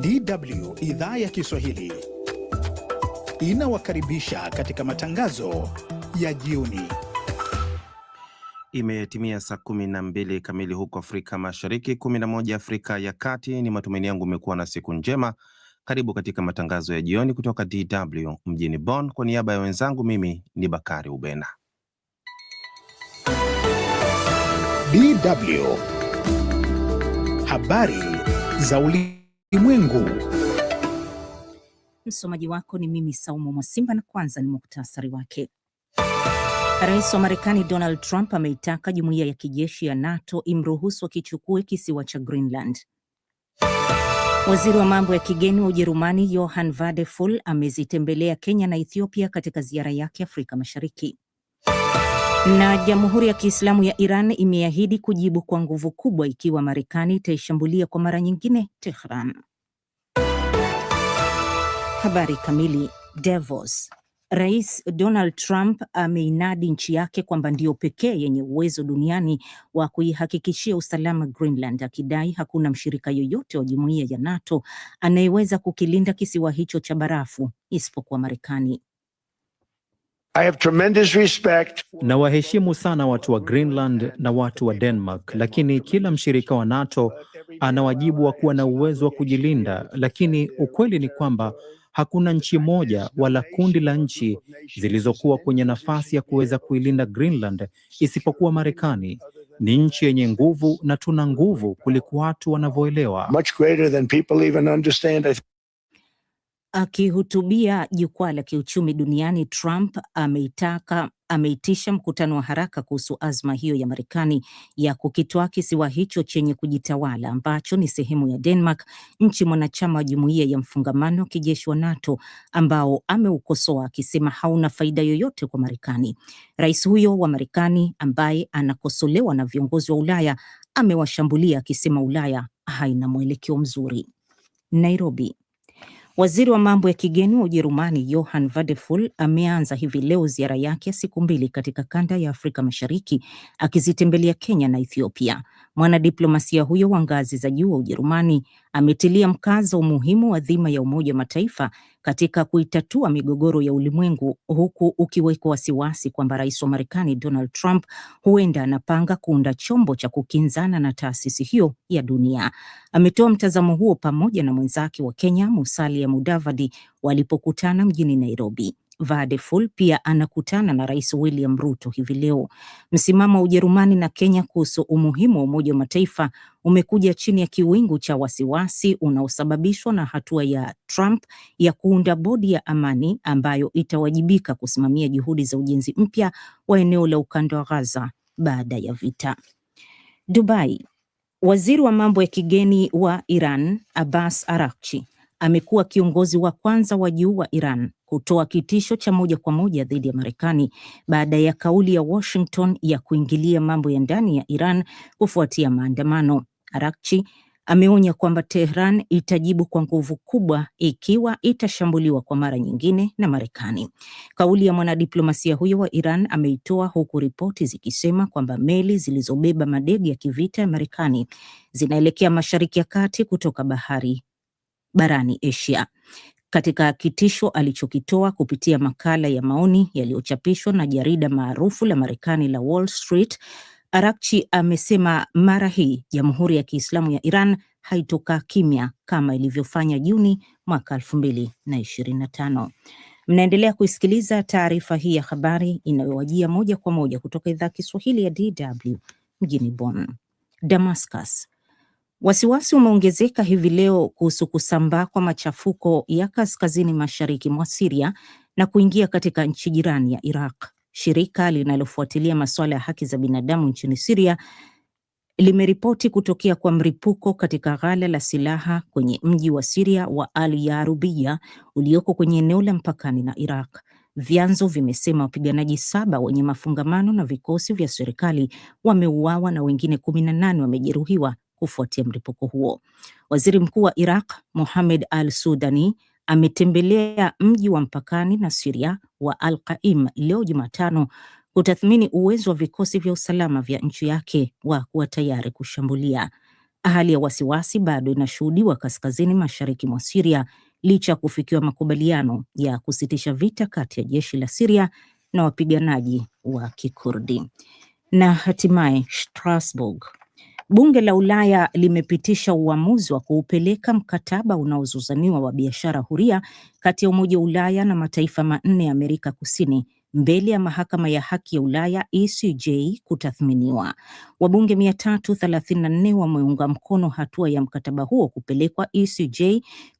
DW idhaa ya Kiswahili inawakaribisha katika matangazo ya jioni. Imetimia saa kumi na mbili kamili huko Afrika Mashariki, kumi na moja Afrika ya Kati. Ni matumaini yangu umekuwa na siku njema. Karibu katika matangazo ya jioni kutoka DW mjini Bonn. Kwa niaba ya wenzangu, mimi ni Bakari Ubena. DW habari za ulimwengu. Ulimwengu. Msomaji wako ni mimi Saumu Mwasimba, na kwanza ni muktasari wake. Rais wa Marekani Donald Trump ameitaka jumuiya ya kijeshi ya NATO imruhusu akichukue kisiwa cha Greenland. Waziri wa mambo ya kigeni wa Ujerumani Johann Vadeful amezitembelea Kenya na Ethiopia katika ziara yake Afrika Mashariki. Na Jamhuri ya Kiislamu ya Iran imeahidi kujibu kwa nguvu kubwa ikiwa Marekani itaishambulia kwa mara nyingine Tehran. Habari kamili. Davos. Rais Donald Trump ameinadi nchi yake kwamba ndiyo pekee yenye uwezo duniani wa kuihakikishia usalama Greenland, akidai hakuna mshirika yoyote wa jumuiya ya NATO anayeweza kukilinda kisiwa hicho cha barafu isipokuwa Marekani. I have tremendous respect. sana watu wa Greenland na watu wa Denmark, lakini kila mshirika wa NATO ana wajibu wa kuwa na uwezo wa kujilinda, lakini ukweli ni kwamba hakuna nchi moja wala kundi la nchi zilizokuwa kwenye nafasi ya kuweza kuilinda Greenland isipokuwa Marekani. Ni nchi yenye nguvu na tuna nguvu kuliko watu wanavyoelewa. Akihutubia jukwaa la kiuchumi duniani, Trump ameitaka ameitisha mkutano wa haraka kuhusu azma hiyo ya Marekani ya kukitoa kisiwa hicho chenye kujitawala ambacho ni sehemu ya Denmark, nchi mwanachama wa jumuiya ya mfungamano wa kijeshi wa NATO ambao ameukosoa akisema hauna faida yoyote kwa Marekani. Rais huyo wa Marekani ambaye anakosolewa na viongozi wa Ulaya amewashambulia akisema Ulaya haina mwelekeo mzuri. Nairobi. Waziri wa mambo ya kigeni wa Ujerumani Johann Wadephul ameanza hivi leo ziara yake ya siku mbili katika kanda ya Afrika Mashariki akizitembelea Kenya na Ethiopia. Mwanadiplomasia huyo wa ngazi za juu wa Ujerumani ametilia mkazo umuhimu wa dhima ya Umoja wa Mataifa katika kuitatua migogoro ya ulimwengu, huku ukiwekwa wasiwasi kwamba rais wa Marekani Donald Trump huenda anapanga kuunda chombo cha kukinzana na taasisi hiyo ya dunia. Ametoa mtazamo huo pamoja na mwenzake wa Kenya Musalia Mudavadi walipokutana mjini Nairobi. Vadeful pia anakutana na Rais William Ruto hivi leo. Msimamo wa Ujerumani na Kenya kuhusu umuhimu wa Umoja wa Mataifa umekuja chini ya kiwingu cha wasiwasi unaosababishwa na hatua ya Trump ya kuunda bodi ya amani ambayo itawajibika kusimamia juhudi za ujenzi mpya wa eneo la ukanda wa Gaza baada ya vita. Dubai. Waziri wa mambo ya kigeni wa Iran Abbas Araghchi amekuwa kiongozi wa kwanza wa juu wa Iran kutoa kitisho cha moja kwa moja dhidi ya Marekani baada ya kauli ya Washington ya kuingilia mambo ya ndani ya Iran kufuatia maandamano. Arakchi ameonya kwamba Tehran itajibu kwa nguvu kubwa ikiwa itashambuliwa kwa mara nyingine na Marekani. Kauli ya mwanadiplomasia huyo wa Iran ameitoa huku ripoti zikisema kwamba meli zilizobeba madege ya kivita ya Marekani zinaelekea Mashariki ya Kati kutoka bahari barani Asia katika kitisho alichokitoa kupitia makala ya maoni yaliyochapishwa na jarida maarufu la Marekani la Wall Street, Arakchi amesema mara hii Jamhuri ya Kiislamu ya Iran haitokaa kimya kama ilivyofanya Juni mwaka elfu mbili na ishirini na tano. Mnaendelea kuisikiliza taarifa hii ya habari inayowajia moja kwa moja kutoka idhaa Kiswahili ya DW mjini Bonn. Damascus Wasiwasi umeongezeka hivi leo kuhusu kusambaa kwa machafuko ya kaskazini mashariki mwa Siria na kuingia katika nchi jirani ya Iraq. Shirika linalofuatilia masuala ya haki za binadamu nchini Siria limeripoti kutokea kwa mripuko katika ghala la silaha kwenye mji wa Siria wa Al Yarubiya ulioko kwenye eneo la mpakani na Iraq. Vyanzo vimesema wapiganaji saba wenye mafungamano na vikosi vya serikali wameuawa na wengine kumi na nane wamejeruhiwa kufuatia mlipuko huo. Waziri Mkuu wa Iraq Mohamed Al Sudani ametembelea mji wa mpakani na siria wa Al-Qaim leo Jumatano kutathmini uwezo wa vikosi vya usalama vya nchi yake wa kuwa tayari kushambulia. Hali ya wasiwasi bado inashuhudiwa kaskazini mashariki mwa siria licha ya kufikiwa makubaliano ya kusitisha vita kati ya jeshi la siria na wapiganaji wa Kikurdi. Na hatimaye Strasbourg Bunge la Ulaya limepitisha uamuzi wa kuupeleka mkataba unaozozaniwa wa biashara huria kati ya Umoja wa Ulaya na mataifa manne ya Amerika Kusini mbele ya mahakama ya haki ya Ulaya ECJ kutathminiwa. Wabunge 334 wameunga mkono hatua ya mkataba huo kupelekwa ECJ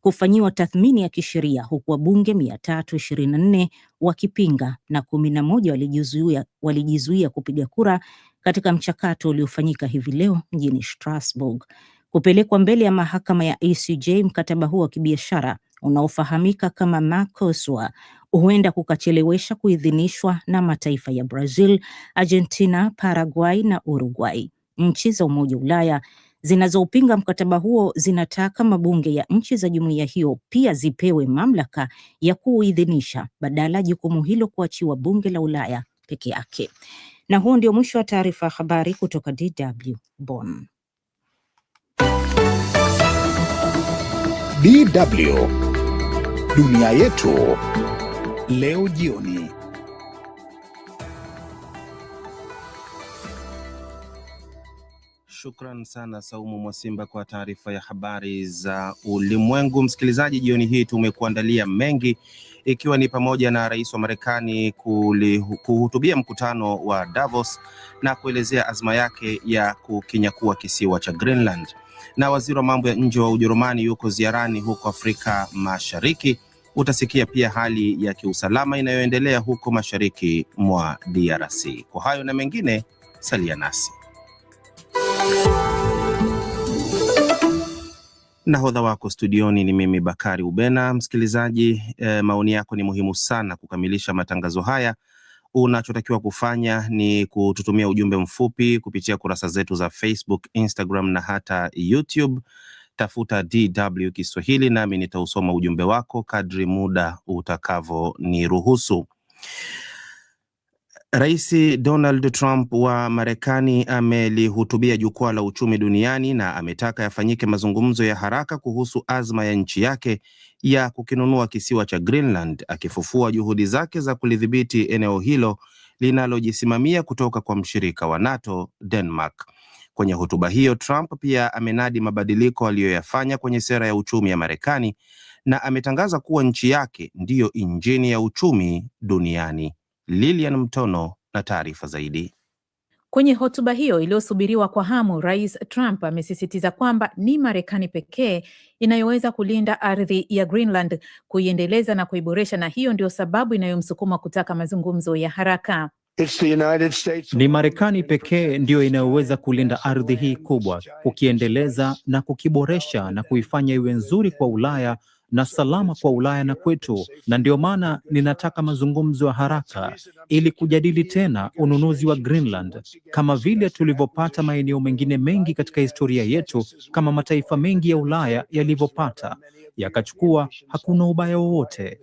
kufanyiwa tathmini ya kisheria, huku wabunge 324 wakipinga na 11 walijizuia kupiga kura katika mchakato uliofanyika hivi leo mjini Strasbourg kupelekwa mbele ya mahakama ya ECJ. Mkataba huo wa kibiashara unaofahamika kama Mercosur huenda kukachelewesha kuidhinishwa na mataifa ya Brazil, Argentina, Paraguay na Uruguay. Nchi za Umoja wa Ulaya zinazoupinga mkataba huo zinataka mabunge ya nchi za jumuiya hiyo pia zipewe mamlaka ya kuuidhinisha, badala jukumu hilo kuachiwa bunge la Ulaya peke yake. Na huu ndio mwisho wa taarifa ya habari kutoka DW Bonn. DW Dunia Yetu Leo Jioni. Shukran sana Saumu Mwasimba kwa taarifa ya habari za ulimwengu. Msikilizaji, jioni hii tumekuandalia mengi, ikiwa ni pamoja na rais wa Marekani kuhutubia mkutano wa Davos na kuelezea azma yake ya kukinyakua kisiwa cha Greenland, na waziri wa mambo ya nje wa Ujerumani yuko ziarani huko Afrika Mashariki. Utasikia pia hali ya kiusalama inayoendelea huko mashariki mwa DRC. Kwa hayo na mengine, salia nasi. Nahodha wako studioni ni mimi Bakari Ubena. Msikilizaji, eh, maoni yako ni muhimu sana kukamilisha matangazo haya. Unachotakiwa kufanya ni kututumia ujumbe mfupi kupitia kurasa zetu za Facebook, Instagram na hata YouTube. Tafuta DW Kiswahili nami nitausoma ujumbe wako kadri muda utakavoniruhusu. Rais Donald Trump wa Marekani amelihutubia jukwaa la uchumi duniani na ametaka yafanyike mazungumzo ya haraka kuhusu azma ya nchi yake ya kukinunua kisiwa cha Greenland, akifufua juhudi zake za kulidhibiti eneo hilo linalojisimamia kutoka kwa mshirika wa NATO Denmark. Kwenye hotuba hiyo, Trump pia amenadi mabadiliko aliyoyafanya kwenye sera ya uchumi ya Marekani na ametangaza kuwa nchi yake ndiyo injini ya uchumi duniani. Lilian Mtono na taarifa zaidi. Kwenye hotuba hiyo iliyosubiriwa kwa hamu, Rais Trump amesisitiza kwamba ni Marekani pekee inayoweza kulinda ardhi ya Greenland, kuiendeleza na kuiboresha, na hiyo ndio sababu inayomsukuma kutaka mazungumzo ya haraka. Ni Marekani pekee ndiyo inayoweza kulinda ardhi hii kubwa, kukiendeleza na kukiboresha na kuifanya iwe nzuri kwa Ulaya na salama kwa Ulaya na kwetu, na ndio maana ninataka mazungumzo ya haraka ili kujadili tena ununuzi wa Greenland kama vile tulivyopata maeneo mengine mengi katika historia yetu, kama mataifa mengi ya Ulaya yalivyopata yakachukua. Hakuna ubaya wowote.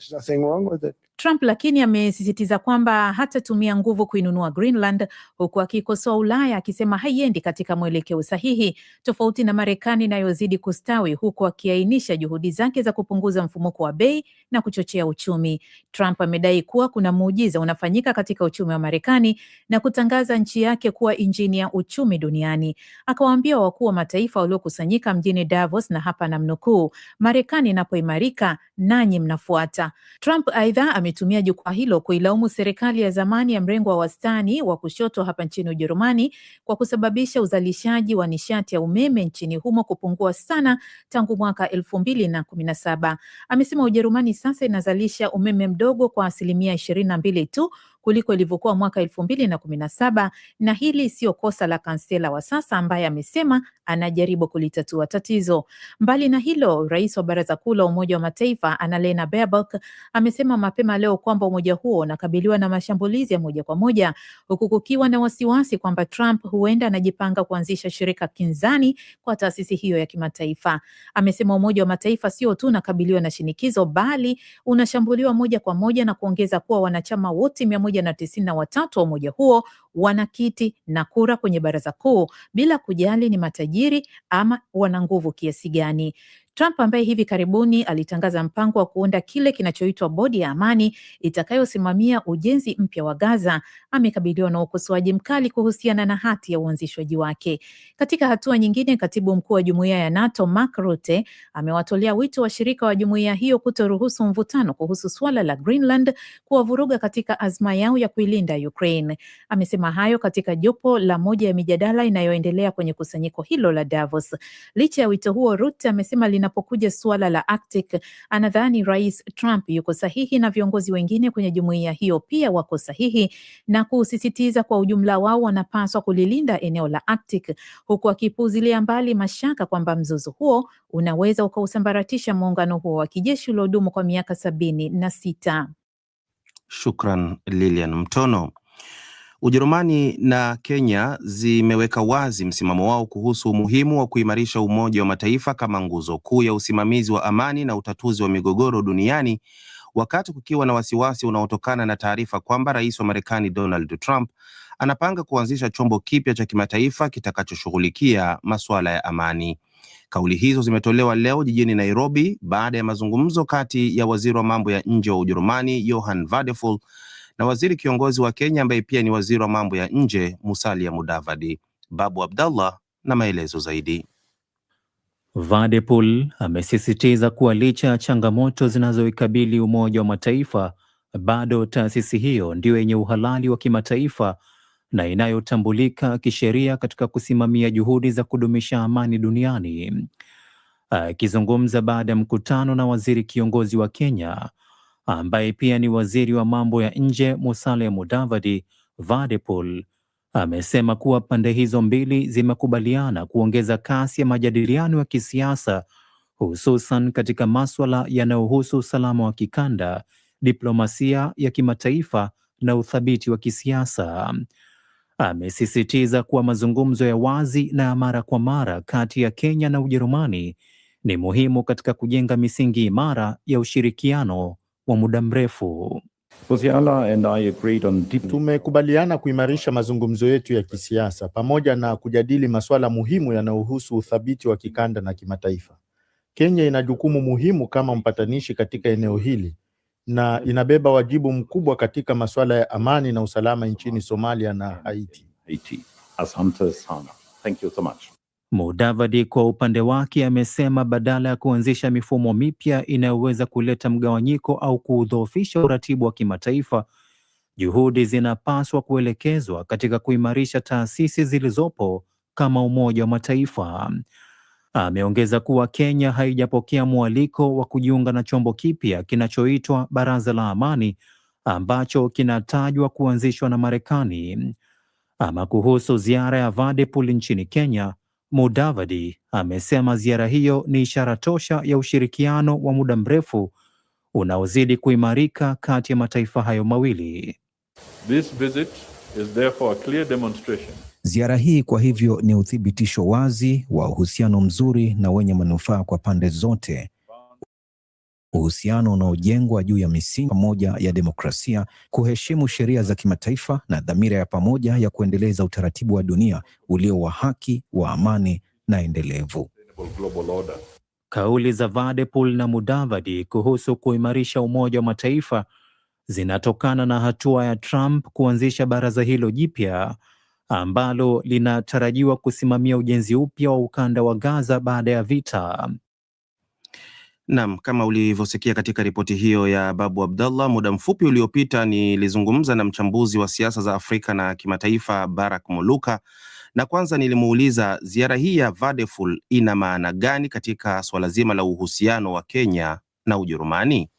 Trump lakini amesisitiza kwamba hatatumia nguvu kuinunua Greenland, huku akikosoa Ulaya akisema haiendi katika mwelekeo sahihi, tofauti na Marekani inayozidi kustawi, huku akiainisha juhudi zake za kupunguza mfumuko wa bei na kuchochea uchumi. Trump amedai kuwa kuna muujiza unafanyika katika uchumi wa Marekani na kutangaza nchi yake kuwa injini ya uchumi duniani. Akawaambia wakuu wa mataifa waliokusanyika mjini Davos, na hapa namnukuu, Marekani inapoimarika nanyi mnafuata. Trump aidha ametumia jukwaa hilo kuilaumu serikali ya zamani ya mrengo wa wastani wa kushoto hapa nchini Ujerumani kwa kusababisha uzalishaji wa nishati ya umeme nchini humo kupungua sana tangu mwaka elfu mbili na kumi na saba. Amesema Ujerumani sasa inazalisha umeme mdogo kwa asilimia ishirini na mbili tu kuliko ilivyokuwa mwaka elfu mbili na kumi na saba na hili siyo kosa la kansela wa sasa ambaye amesema anajaribu kulitatua tatizo. Mbali na hilo, rais wa baraza kuu la Umoja wa Mataifa Annalena Baerbock amesema mapema leo kwamba umoja huo unakabiliwa na mashambulizi ya moja kwa moja, huku kukiwa na wasiwasi kwamba Trump huenda anajipanga kuanzisha shirika kinzani kwa taasisi hiyo ya kimataifa. Amesema Umoja wa Mataifa sio tu unakabiliwa na shinikizo, bali unashambuliwa moja kwa moja na kuongeza kuwa wanachama wote mia moja moja na tisini na watatu wa umoja huo wana kiti na kura kwenye baraza kuu, bila kujali ni matajiri ama wana nguvu kiasi gani. Trump ambaye hivi karibuni alitangaza mpango wa kuunda kile kinachoitwa bodi ya amani itakayosimamia ujenzi mpya wa Gaza amekabiliwa na ukosoaji mkali kuhusiana na hati ya uanzishwaji wake. Katika hatua nyingine, katibu mkuu wa jumuiya ya NATO Mark Rutte amewatolea wito washirika wa, wa jumuiya hiyo kutoruhusu mvutano kuhusu suala la Greenland kuwavuruga katika azma yao ya kuilinda Ukraine. Amesema hayo katika jopo la moja ya mijadala inayoendelea kwenye kusanyiko hilo la Davos. Licha ya wito huo, Rutte amesema lina linapokuja suala la Arctic, anadhani Rais Trump yuko sahihi na viongozi wengine kwenye jumuiya hiyo pia wako sahihi, na kusisitiza kwa ujumla wao wanapaswa kulilinda eneo la Arctic, huku akipuuzilia mbali mashaka kwamba mzozo huo unaweza ukausambaratisha muungano huo wa kijeshi uliodumu kwa miaka sabini na sita. Shukran Lilian Mtono. Ujerumani na Kenya zimeweka wazi msimamo wao kuhusu umuhimu wa kuimarisha Umoja wa Mataifa kama nguzo kuu ya usimamizi wa amani na utatuzi wa migogoro duniani, wakati kukiwa na wasiwasi unaotokana na taarifa kwamba Rais wa Marekani Donald Trump anapanga kuanzisha chombo kipya cha kimataifa kitakachoshughulikia masuala ya amani. Kauli hizo zimetolewa leo jijini Nairobi baada ya mazungumzo kati ya waziri wa mambo ya nje wa Ujerumani Johann Vadeful na waziri kiongozi wa Kenya ambaye pia ni waziri wa mambo ya nje Musalia Mudavadi. Babu Abdallah na maelezo zaidi. Vadepol amesisitiza kuwa licha ya changamoto zinazoikabili Umoja wa Mataifa, bado taasisi hiyo ndiyo yenye uhalali wa kimataifa na inayotambulika kisheria katika kusimamia juhudi za kudumisha amani duniani. Akizungumza baada ya mkutano na waziri kiongozi wa Kenya ambaye pia ni waziri wa mambo ya nje musale Mudavadi Vadepol amesema kuwa pande hizo mbili zimekubaliana kuongeza kasi ya majadiliano ya kisiasa hususan katika maswala yanayohusu usalama wa kikanda, diplomasia ya kimataifa na uthabiti wa kisiasa. Amesisitiza kuwa mazungumzo ya wazi na ya mara kwa mara kati ya Kenya na Ujerumani ni muhimu katika kujenga misingi imara ya ushirikiano wa muda mrefu. Tumekubaliana kuimarisha mazungumzo yetu ya kisiasa pamoja na kujadili masuala muhimu yanayohusu uthabiti wa kikanda na kimataifa. Kenya ina jukumu muhimu kama mpatanishi katika eneo hili na inabeba wajibu mkubwa katika masuala ya amani na usalama nchini Somalia na Haiti. Asante sana. Thank you so much. Mudavadi kwa upande wake amesema badala ya kuanzisha mifumo mipya inayoweza kuleta mgawanyiko au kuudhoofisha uratibu wa kimataifa, juhudi zinapaswa kuelekezwa katika kuimarisha taasisi zilizopo kama Umoja wa Mataifa. Ameongeza kuwa Kenya haijapokea mwaliko wa kujiunga na chombo kipya kinachoitwa Baraza la Amani ambacho kinatajwa kuanzishwa na Marekani. Ama kuhusu ziara ya Vadepol nchini Kenya, Mudavadi amesema ziara hiyo ni ishara tosha ya ushirikiano wa muda mrefu unaozidi kuimarika kati ya mataifa hayo mawili. This visit is therefore a clear demonstration. Ziara hii kwa hivyo ni uthibitisho wazi wa uhusiano mzuri na wenye manufaa kwa pande zote uhusiano unaojengwa juu ya misingi pamoja ya demokrasia, kuheshimu sheria za kimataifa na dhamira ya pamoja ya kuendeleza utaratibu wa dunia ulio wa haki, wa amani na endelevu. Kauli za Vadepol na Mudavadi kuhusu kuimarisha Umoja wa Mataifa zinatokana na hatua ya Trump kuanzisha baraza hilo jipya ambalo linatarajiwa kusimamia ujenzi upya wa ukanda wa Gaza baada ya vita. Naam, kama ulivyosikia katika ripoti hiyo ya Babu Abdallah muda mfupi uliopita, nilizungumza na mchambuzi wa siasa za Afrika na kimataifa Barak Muluka, na kwanza nilimuuliza ziara hii ya Vadeful ina maana gani katika suala zima la uhusiano wa Kenya na Ujerumani.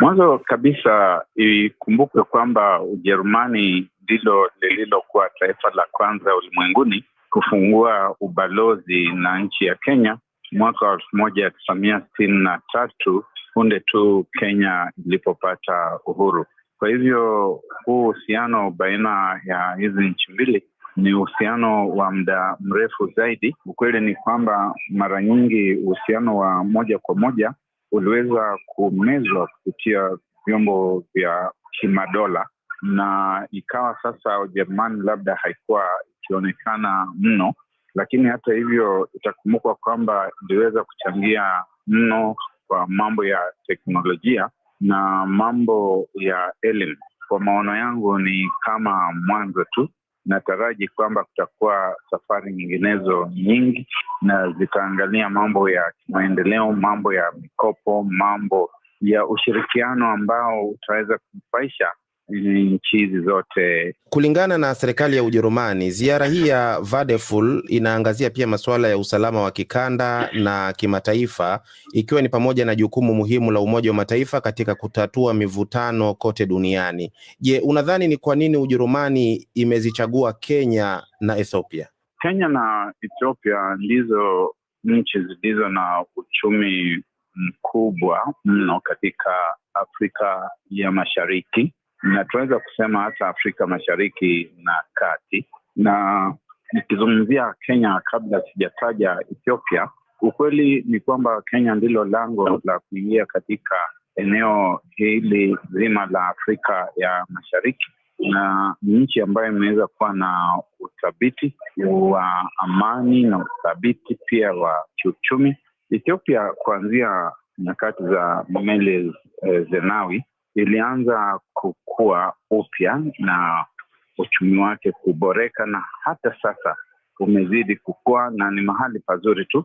Mwanzo kabisa ikumbukwe kwamba Ujerumani ndilo lililokuwa taifa la kwanza ulimwenguni kufungua ubalozi na nchi ya Kenya mwaka wa elfu moja tisa tisamia sitini na tatu punde tu Kenya ilipopata uhuru. Kwa hivyo huu uhusiano baina ya hizi nchi mbili ni uhusiano wa muda mrefu zaidi. Ukweli ni kwamba mara nyingi uhusiano wa moja kwa moja uliweza kumezwa kupitia vyombo vya kimadola, na ikawa sasa Ujerumani labda haikuwa ikionekana mno lakini hata hivyo itakumbukwa kwamba iliweza kuchangia mno kwa mambo ya teknolojia na mambo ya elimu. Kwa maono yangu ni kama mwanzo tu, nataraji kwamba kutakuwa safari nyinginezo nyingi, na zitaangalia mambo ya maendeleo, mambo ya mikopo, mambo ya ushirikiano ambao utaweza kunufaisha nchi hizi zote. Kulingana na serikali ya Ujerumani, ziara hii ya Vadeful inaangazia pia masuala ya usalama wa kikanda na kimataifa, ikiwa ni pamoja na jukumu muhimu la Umoja wa Mataifa katika kutatua mivutano kote duniani. Je, unadhani ni kwa nini Ujerumani imezichagua Kenya na Ethiopia? Kenya na Ethiopia ndizo nchi zilizo na uchumi mkubwa mno katika Afrika ya Mashariki na tunaweza kusema hata Afrika Mashariki na Kati. Na nikizungumzia Kenya, kabla sijataja Ethiopia, ukweli ni kwamba Kenya ndilo lango la kuingia katika eneo hili zima la Afrika ya Mashariki na ni nchi ambayo imeweza kuwa na uthabiti wa amani na uthabiti pia wa kiuchumi. Ethiopia kuanzia nyakati za Meles eh, Zenawi ilianza kukua upya na uchumi wake kuboreka, na hata sasa umezidi kukua na ni mahali pazuri tu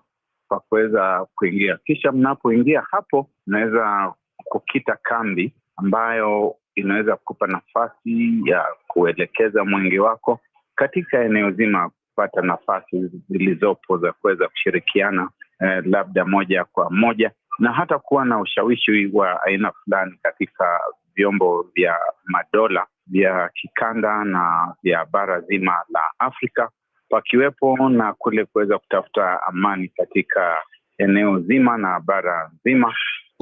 pa kuweza kuingia. Kisha mnapoingia hapo, unaweza kukita kambi ambayo inaweza kupa nafasi ya kuelekeza mwingi wako katika eneo zima, kupata nafasi zilizopo za kuweza kushirikiana eh, labda moja kwa moja na hata kuwa na ushawishi wa aina fulani katika vyombo vya madola vya kikanda na vya bara zima la Afrika, pakiwepo na kule kuweza kutafuta amani katika eneo zima na bara zima.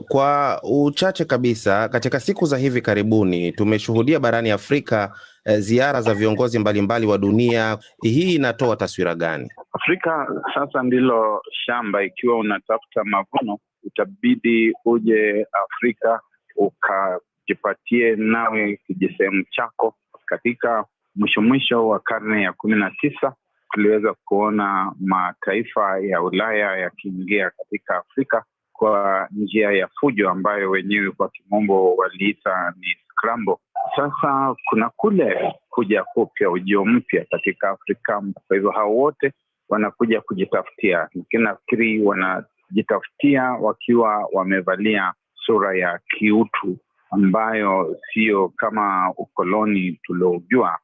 Kwa uchache kabisa, katika siku za hivi karibuni tumeshuhudia barani Afrika eh, ziara za viongozi mbalimbali wa dunia. Hii inatoa taswira gani? Afrika sasa ndilo shamba, ikiwa unatafuta mavuno utabidi uje Afrika ukajipatie nawe kijisehemu chako. Katika mwisho mwisho wa karne ya kumi na tisa tuliweza kuona mataifa ya Ulaya yakiingia katika Afrika kwa njia ya fujo ambayo wenyewe kwa kimombo waliita ni scramble. Sasa kuna kule kuja kupya, ujio mpya katika Afrika. Kwa hivyo hao wote wanakuja kujitafutia, lakini nafikiri wana kujitafutia wakiwa wamevalia sura ya kiutu ambayo siyo kama ukoloni tuliojua.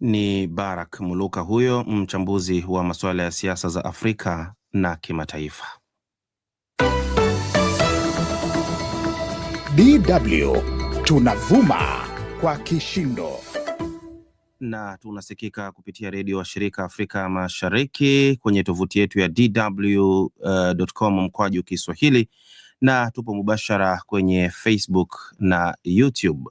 Ni Barak Muluka huyo mchambuzi wa masuala ya siasa za Afrika na kimataifa. DW tunavuma kwa kishindo na tunasikika kupitia redio wa shirika Afrika Mashariki kwenye tovuti yetu ya dw.com uh, mkwaju Kiswahili, na tupo mubashara kwenye Facebook na YouTube.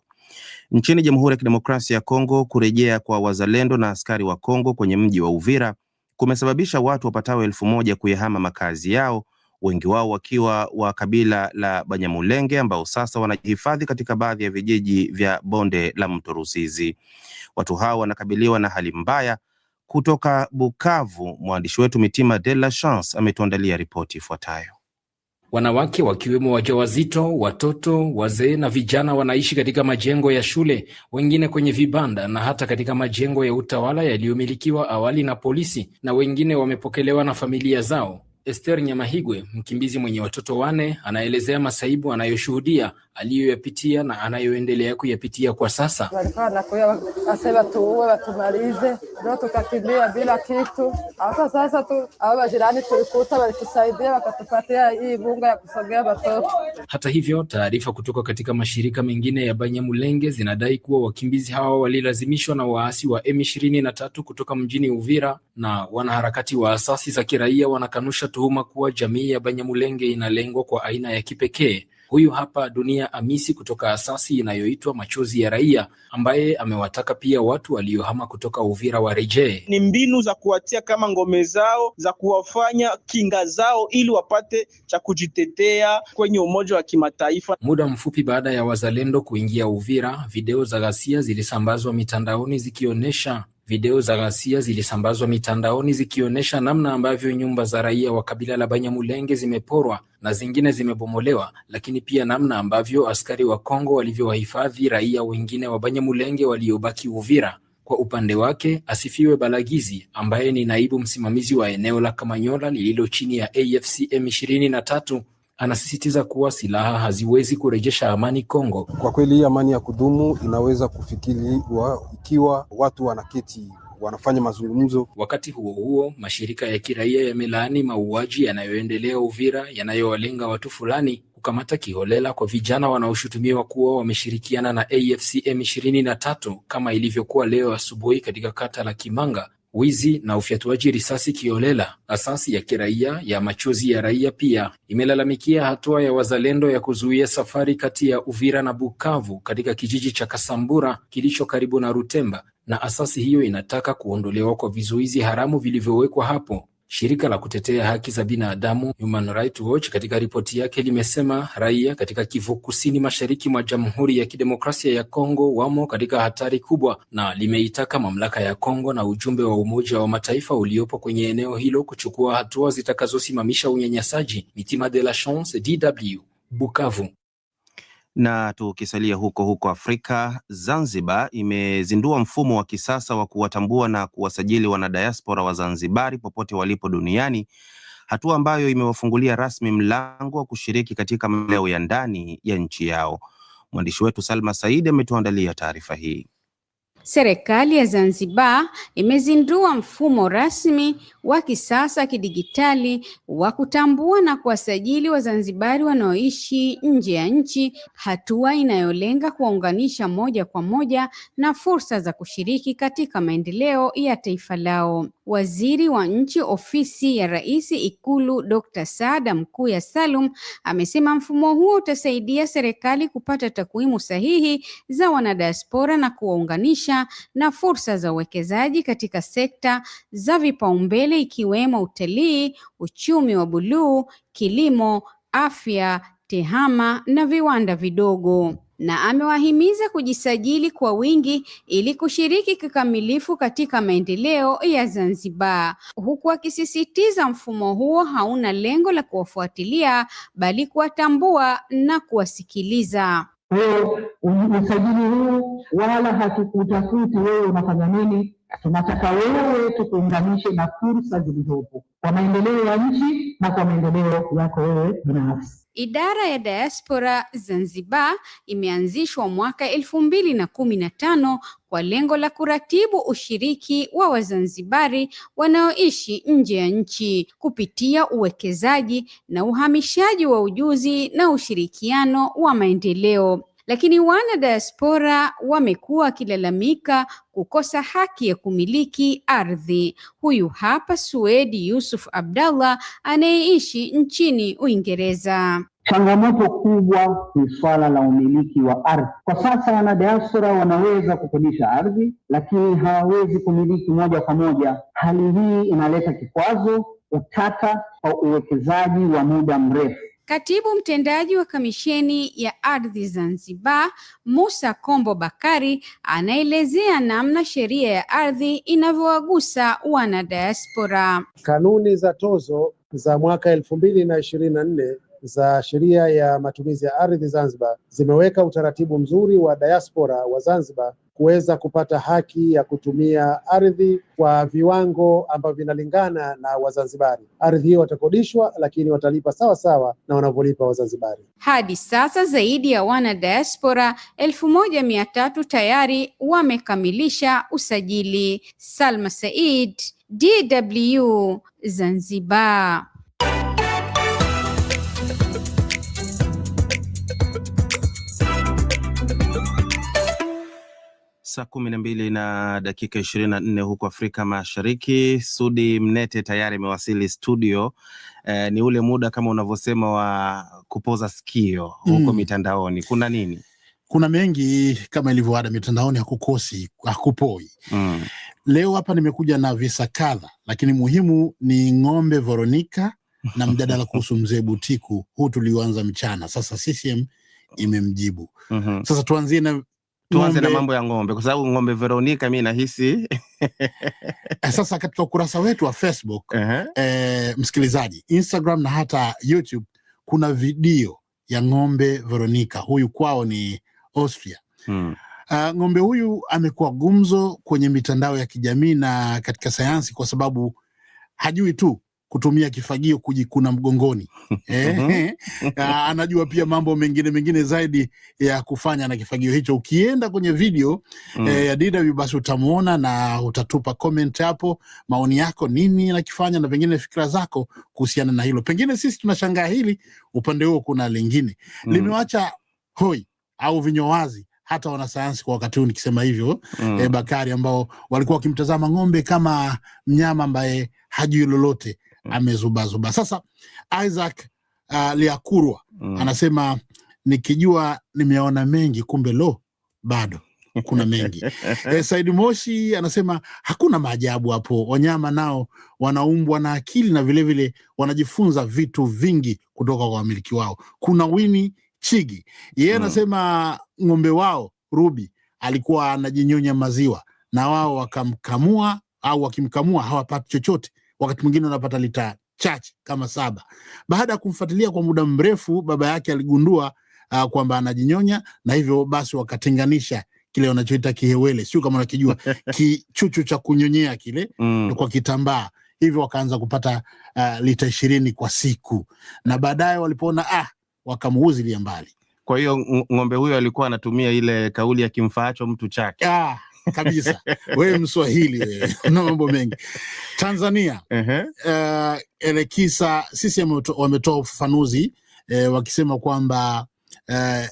Nchini Jamhuri ya Kidemokrasia ya Kongo, kurejea kwa wazalendo na askari wa Kongo kwenye mji wa Uvira kumesababisha watu wapatao elfu moja kuyahama makazi yao wengi wao wakiwa wa kabila la Banyamulenge ambao sasa wanajihifadhi katika baadhi ya vijiji vya bonde la mto rusizi Watu hao wanakabiliwa na hali mbaya. Kutoka Bukavu, mwandishi wetu Mitima de la Chance ametuandalia ripoti ifuatayo. Wanawake wakiwemo wajawazito, watoto, wazee na vijana wanaishi katika majengo ya shule, wengine kwenye vibanda na hata katika majengo ya utawala yaliyomilikiwa awali na polisi, na wengine wamepokelewa na familia zao. Esther Nyamahigwe, mkimbizi mwenye watoto wanne, anaelezea masaibu anayoshuhudia, aliyoyapitia na anayoendelea kuyapitia kwa sasa. Ase tukakimbia bila kitu. Hata sasa tu majirani tulikuta walitusaidia, wakatupatia hii bunga ya kusogea watoto. Hata hivyo, taarifa kutoka katika mashirika mengine ya Banyamulenge zinadai kuwa wakimbizi hawa walilazimishwa na waasi wa M ishirini na tatu kutoka mjini Uvira, na wanaharakati wa asasi za kiraia wanakanusha tuhuma kuwa jamii ya Banyamulenge inalengwa kwa aina ya kipekee. Huyu hapa Dunia Amisi kutoka asasi inayoitwa Machozi ya Raia, ambaye amewataka pia watu waliohama kutoka Uvira warejee. Ni mbinu za kuwatia kama ngome zao za kuwafanya kinga zao ili wapate cha kujitetea kwenye Umoja wa Kimataifa. Muda mfupi baada ya wazalendo kuingia Uvira, video za ghasia zilisambazwa mitandaoni zikionyesha Video za ghasia zilisambazwa mitandaoni zikionyesha namna ambavyo nyumba za raia wa kabila la Banyamulenge zimeporwa na zingine zimebomolewa, lakini pia namna ambavyo askari wa Kongo walivyowahifadhi raia wengine wa Banyamulenge waliobaki Uvira. Kwa upande wake, Asifiwe Balagizi ambaye ni naibu msimamizi wa eneo la Kamanyola lililo chini ya AFC M23 anasisitiza kuwa silaha haziwezi kurejesha amani Kongo. Kwa kweli, amani ya kudumu inaweza kufikiriwa ikiwa watu wanaketi wanafanya mazungumzo. Wakati huo huo, mashirika ya kiraia yamelaani mauaji yanayoendelea Uvira yanayowalenga watu fulani, kukamata kiholela kwa vijana wanaoshutumiwa kuwa wameshirikiana na AFC M23 kama ilivyokuwa leo asubuhi katika kata la Kimanga wizi na ufyatuaji risasi kiolela. Asasi ya kiraia ya Machozi ya Raia pia imelalamikia hatua ya wazalendo ya kuzuia safari kati ya Uvira na Bukavu katika kijiji cha Kasambura kilicho karibu na Rutemba, na asasi hiyo inataka kuondolewa kwa vizuizi haramu vilivyowekwa hapo. Shirika la kutetea haki za binadamu Human Rights Watch katika ripoti yake limesema raia katika Kivu Kusini, mashariki mwa Jamhuri ya Kidemokrasia ya Kongo wamo katika hatari kubwa, na limeitaka mamlaka ya Kongo na ujumbe wa Umoja wa Mataifa uliopo kwenye eneo hilo kuchukua hatua zitakazosimamisha unyanyasaji. Mitima de la Chance, DW, Bukavu. Na tukisalia huko huko Afrika, Zanzibar imezindua mfumo wa kisasa wa kuwatambua na kuwasajili wanadiaspora wa Zanzibari popote walipo duniani, hatua ambayo imewafungulia rasmi mlango wa kushiriki katika maendeleo ya ndani ya nchi yao. Mwandishi wetu Salma Said ametuandalia taarifa hii. Serikali ya Zanzibar imezindua mfumo rasmi wa kisasa kidigitali wa kutambua na kuwasajili Wazanzibari wanaoishi nje ya nchi, hatua inayolenga kuwaunganisha moja kwa moja na fursa za kushiriki katika maendeleo ya taifa lao. Waziri wa Nchi, Ofisi ya Rais, Ikulu, Dr. Saada Mkuya Salum amesema mfumo huo utasaidia serikali kupata takwimu sahihi za wanadiaspora na kuwaunganisha na fursa za uwekezaji katika sekta za vipaumbele ikiwemo utalii, uchumi wa buluu, kilimo, afya, tehama na viwanda vidogo na amewahimiza kujisajili kwa wingi ili kushiriki kikamilifu katika maendeleo ya Zanzibar, huku akisisitiza mfumo huo hauna lengo la kuwafuatilia bali kuwatambua na kuwasikiliza. Wewe usajili huu wala hatukutafuti wewe unafanya nini, Tunataka wewe tukuunganishe na fursa zilizopo kwa maendeleo ya nchi na kwa maendeleo yako wewe binafsi. Idara ya Diaspora Zanzibar imeanzishwa mwaka elfu mbili na kumi na tano kwa lengo la kuratibu ushiriki wa Wazanzibari wanaoishi nje ya nchi kupitia uwekezaji na uhamishaji wa ujuzi na ushirikiano wa maendeleo. Lakini wana diaspora wamekuwa wakilalamika kukosa haki ya kumiliki ardhi. Huyu hapa Suedi Yusuf Abdallah anayeishi nchini Uingereza. Changamoto kubwa ni suala la umiliki wa ardhi. Kwa sasa wanadiaspora wanaweza kukodisha ardhi, lakini hawawezi kumiliki moja kwa moja. Hali hii inaleta kikwazo, utata kwa uwekezaji wa muda mrefu. Katibu mtendaji wa Kamisheni ya Ardhi Zanzibar, Musa Kombo Bakari, anaelezea namna sheria ya ardhi inavyowagusa wana diaspora. Kanuni za tozo za mwaka elfu mbili na ishirini na nne za sheria ya matumizi ya ardhi Zanzibar zimeweka utaratibu mzuri wa diaspora wa Zanzibar kuweza kupata haki ya kutumia ardhi kwa viwango ambavyo vinalingana na Wazanzibari. Ardhi hiyo watakodishwa, lakini watalipa sawa sawa na wanavyolipa Wazanzibari. Hadi sasa zaidi ya wana diaspora elfu moja mia tatu tayari wamekamilisha usajili. Salma Said, DW, Zanzibar. saa kumi na mbili na dakika ishirini na nne huko Afrika Mashariki. Sudi Mnete tayari amewasili studio. Eh, ni ule muda kama unavyosema wa kupoza sikio huko mm. mitandaoni kuna nini? Kuna mengi kama ilivyo ada, mitandaoni hakukosi hakupoi. mm. Leo hapa nimekuja na visa kadha, lakini muhimu ni ng'ombe Veronica na mjadala kuhusu mzee Butiku, huu tulioanza mchana. Sasa CCM imemjibu. mm -hmm. Sasa tuanzie na tuanze na mambo ya ng'ombe kwa sababu ng'ombe Veronica mi nahisi eh, sasa katika ukurasa wetu wa Facebook uh -huh. eh, msikilizaji, Instagram na hata YouTube kuna video ya ng'ombe Veronica, huyu kwao ni Austria hmm. Uh, ng'ombe huyu amekuwa gumzo kwenye mitandao ya kijamii na katika sayansi, kwa sababu hajui tu kutumia kifagio kujikuna mgongoni eh, eh, eh? Anajua pia mambo mengine mengine zaidi ya kufanya na kifagio hicho. Ukienda kwenye video mm. eh, ya DW basi utamwona na utatupa comment hapo, maoni yako nini nakifanya na pengine fikira zako kuhusiana na hilo. Pengine sisi tunashangaa hili, upande huo kuna lingine mm. limewacha hoi au vinywa wazi hata wanasayansi kwa wakati huu nikisema hivyo mm. eh, Bakari, ambao walikuwa wakimtazama ng'ombe kama mnyama ambaye hajui lolote Mm. amezubazuba. Sasa Isaac uh, Liakurwa mm. anasema nikijua nimeona mengi, kumbe lo bado kuna mengi e, eh, Said Moshi anasema hakuna maajabu hapo, wanyama nao wanaumbwa na akili na vilevile vile wanajifunza vitu vingi kutoka kwa wamiliki wao. Kuna Wini Chigi yeye mm. anasema ng'ombe wao Rubi alikuwa anajinyonya maziwa na wao wakamkamua au wakimkamua hawapati chochote wakati mwingine unapata lita chache kama saba. Baada ya kumfuatilia kwa muda mrefu, baba yake aligundua uh, kwamba anajinyonya na hivyo basi wakatenganisha kile wanachoita kihewele, sio kama unakijua kichuchu cha kunyonyea kile mm. kwa kitambaa hivyo wakaanza kupata uh, lita ishirini kwa siku, na baadaye walipoona ah, wakamuuzilia mbali. Kwa hiyo ng'ombe huyo alikuwa anatumia ile kauli ya kimfaacho mtu chake. Ah, kabisa. Wewe Mswahili na mambo mengi Tanzania. uh -huh. uh, elekisa sisi wametoa ufafanuzi uh, wakisema kwamba uh,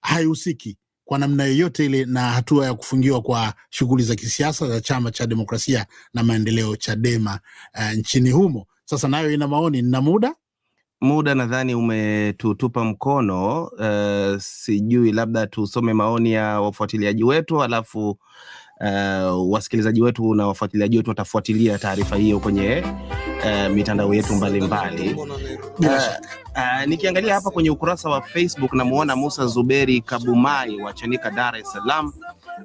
haihusiki kwa namna yoyote ile na hatua ya kufungiwa kwa shughuli za kisiasa za chama cha demokrasia na maendeleo Chadema uh, nchini humo. Sasa nayo ina maoni, nina muda muda nadhani umetutupa mkono. Uh, sijui labda tusome maoni ya wafuatiliaji wetu alafu uh, wasikilizaji wetu na wafuatiliaji wetu watafuatilia taarifa hiyo kwenye uh, mitandao yetu mbalimbali Uh, uh, nikiangalia hapa kwenye ukurasa wa Facebook namuona Musa Zuberi Kabumai wachanika Chanika, Dar es Salaam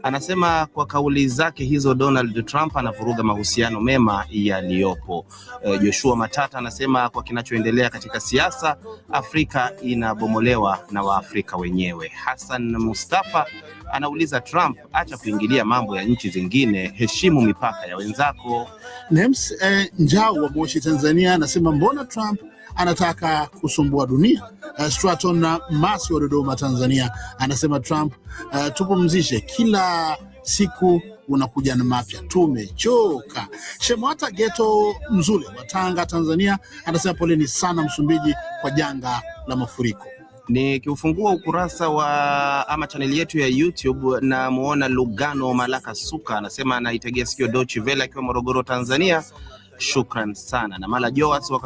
anasema kwa kauli zake hizo Donald Trump anavuruga mahusiano mema yaliyopo. Eh, Joshua Matata anasema kwa kinachoendelea katika siasa, Afrika inabomolewa na Waafrika wenyewe. Hassan Mustafa anauliza Trump, acha kuingilia mambo ya nchi zingine, heshimu mipaka ya wenzako. Nems eh, Njau wa Moshi Tanzania anasema mbona Trump anataka kusumbua dunia. Uh, eh, Straton na Masi wa Dodoma, Tanzania, anasema Trump, uh, tupumzishe, kila siku unakuja na mapya, tumechoka. Shemwata Geto Mzule wa Tanga, Tanzania, anasema poleni sana Msumbiji kwa janga la mafuriko. Nikiufungua ukurasa wa ama chaneli yetu ya YouTube na muona Lugano Malaka Suka anasema anaitegea sikio Dochi Vela akiwa Morogoro, Tanzania. Shukran sana. na Mala Joas wa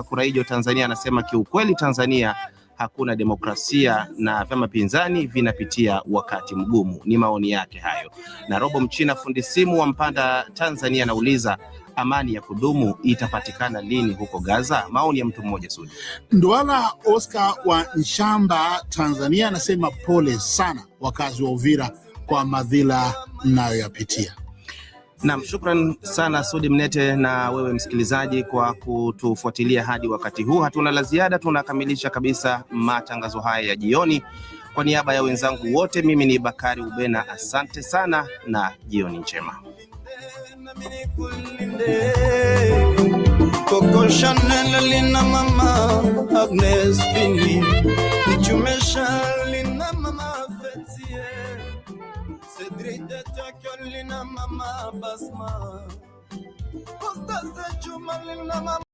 Tanzania anasema kiukweli, Tanzania hakuna demokrasia na vyama pinzani vinapitia wakati mgumu. Ni maoni yake hayo. Na Robo Mchina fundi simu wa Mpanda Tanzania anauliza amani ya kudumu itapatikana lini huko Gaza? Maoni ya mtu mmoja Sudi Ndoala Oscar wa Nshamba Tanzania anasema pole sana wakazi wa Uvira kwa madhila mnayoyapitia. Naam, shukran sana Sudi Mnete na wewe msikilizaji kwa kutufuatilia hadi wakati huu. Hatuna la ziada, tunakamilisha kabisa matangazo haya ya jioni. Kwa niaba ya wenzangu wote, mimi ni Bakari Ubena, asante sana na jioni njema. سدريتك كلنا ماما بسمه قصة الجمل لنا ماما